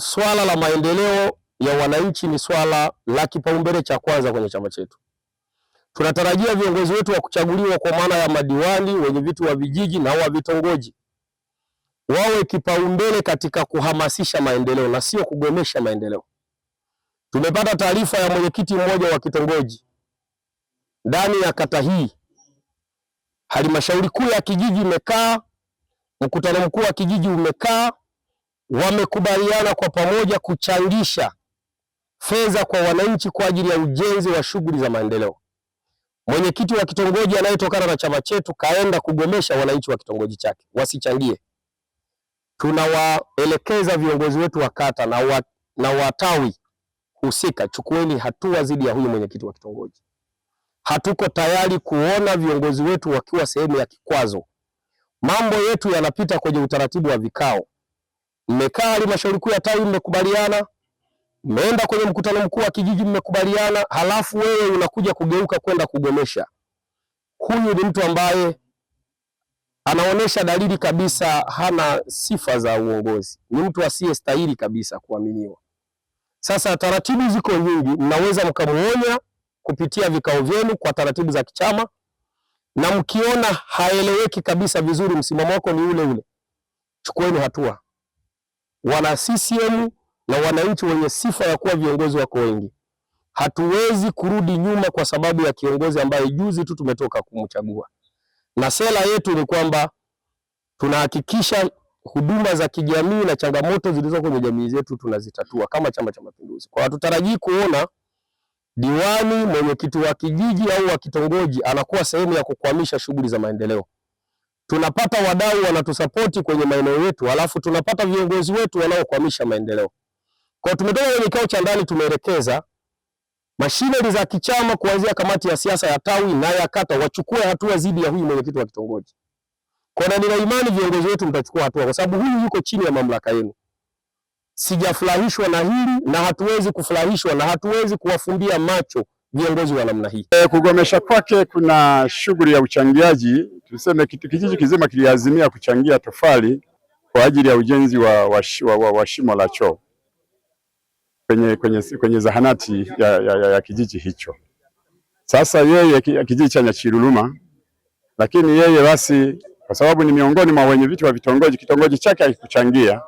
Swala la maendeleo ya wananchi ni swala la kipaumbele cha kwanza kwenye chama chetu. Tunatarajia viongozi wetu wa kuchaguliwa kwa maana ya madiwani, wenye vitu wa vijiji na wa vitongoji wawe kipaumbele katika kuhamasisha maendeleo na sio kugomesha maendeleo. Tumepata taarifa ya mwenyekiti mmoja wa kitongoji ndani ya kata hii. Halmashauri kuu ya kijiji imekaa, mkutano mkuu wa kijiji umekaa wamekubaliana kwa pamoja kuchangisha fedha kwa wananchi kwa ajili ya ujenzi wa shughuli za maendeleo. Mwenyekiti wa kitongoji anayetokana na chama chetu kaenda kugomesha wananchi wa kitongoji chake wasichangie. Tunawaelekeza viongozi wetu wa kata na, wa, na watawi husika, chukueni hatua dhidi ya huyu mwenyekiti wa kitongoji. Hatuko tayari kuona viongozi wetu wakiwa sehemu ya kikwazo. Mambo yetu yanapita kwenye utaratibu wa vikao mmekaa halmashauri kuu ya tawi mmekubaliana, mmeenda kwenye mkutano mkuu wa kijiji mmekubaliana, halafu wewe unakuja kugeuka kwenda kugomesha. Huyu ni mtu ambaye anaonesha dalili kabisa hana sifa za uongozi, ni mtu asiyestahili kabisa kuaminiwa. Sasa taratibu ziko nyingi, mnaweza mkamuonya kupitia vikao vyenu kwa taratibu za kichama, na mkiona haeleweki kabisa vizuri, msimamo wako ni ule ule, chukueni hatua wana CCM na wananchi wenye sifa ya kuwa viongozi wako wengi. Hatuwezi kurudi nyuma kwa sababu ya kiongozi ambaye juzi tu tumetoka kumchagua, na sera yetu ni kwamba tunahakikisha huduma za kijamii na changamoto zilizo kwenye jamii zetu tunazitatua kama Chama cha Mapinduzi. Kwa hatutarajii kuona diwani, mwenyekiti wa kijiji au wa kitongoji anakuwa sehemu ya kukwamisha shughuli za maendeleo tunapata wadau wanatusapoti kwenye maeneo yetu, alafu tunapata viongozi wetu wanaokwamisha maendeleo. Kwa tumetoka kwenye kikao cha ndani, tumeelekeza mashine za kichama kuanzia kamati ya siasa ya tawi na ya kata wachukue hatua dhidi ya huyu mwenyekiti wa kitongoji. Kwa na nina imani viongozi wetu mtachukua hatua, kwa sababu huyu yuko chini ya mamlaka yenu. Sijafurahishwa na hili na hatuwezi kufurahishwa na hatuwezi kuwafumbia macho viongozi wa namna hii. E, kugomesha kwake kuna shughuli ya uchangiaji tuseme kijiji kizima kiliazimia kuchangia tofali kwa ajili ya ujenzi wa, wa, wa, wa, wa shimo la choo kwenye, kwenye, kwenye zahanati ya, ya, ya, ya kijiji hicho. Sasa yeye kijiji cha nyachiruruma lakini yeye basi kwa sababu ni miongoni mwa wenye viti wa vitongoji, kitongoji chake akikuchangia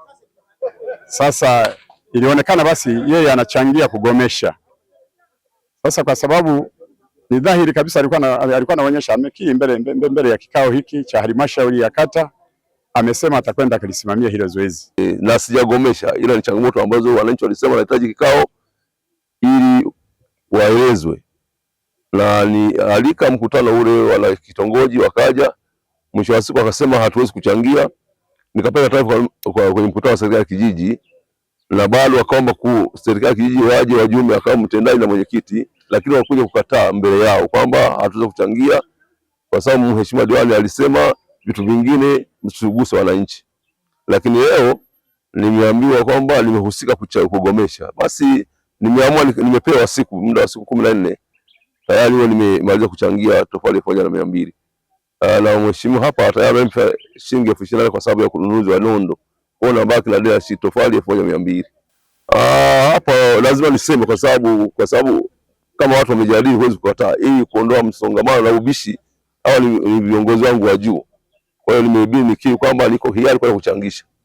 Sasa ilionekana basi yeye anachangia kugomesha. Sasa kwa sababu ni dhahiri kabisa alikuwa na, alikuwa anaonyesha amekii mbele, mbele, mbele ya kikao hiki cha halmashauri ya kata amesema atakwenda akalisimamia hilo zoezi e, na sijagomesha, ila ni changamoto ambazo wananchi walisema wanahitaji kikao ili waelezwe, na alika mkutano ule wana kitongoji wakaja, mwisho wa siku akasema hatuwezi kuchangia. Nikapata taarifa kwenye mkutano wa serikali ya kijiji, na bado akaomba ku serikali ya kijiji waje wajumbe, akawa mtendaji na mwenyekiti lakini walikuja kukataa mbele yao kwamba hatuweza kuchangia kwa sababu mheshimiwa diwani alisema vitu vingine msiguse wananchi, lakini leo nimeambiwa kwamba nimehusika kugomesha. Basi nimeamua, nimepewa siku, muda wa siku kumi na nne tayari huo nimemaliza kuchangia tofali elfu moja na mia mbili ah, na mheshimiwa hapa tayari amempa shilingi elfu ishirini kwa sababu ya kununuzi wa nondo, kwao nabaki na deni la tofali elfu moja mia mbili ah, hapa. Lazima niseme kwa sababu kwa sababu kama watu wamejadili, huwezi kukataa. Ili kuondoa msongamano na ubishi, hawa ni viongozi wangu wa juu. Kwa hiyo nimehubiri nikiri kwamba niko hiari kwa kuchangisha.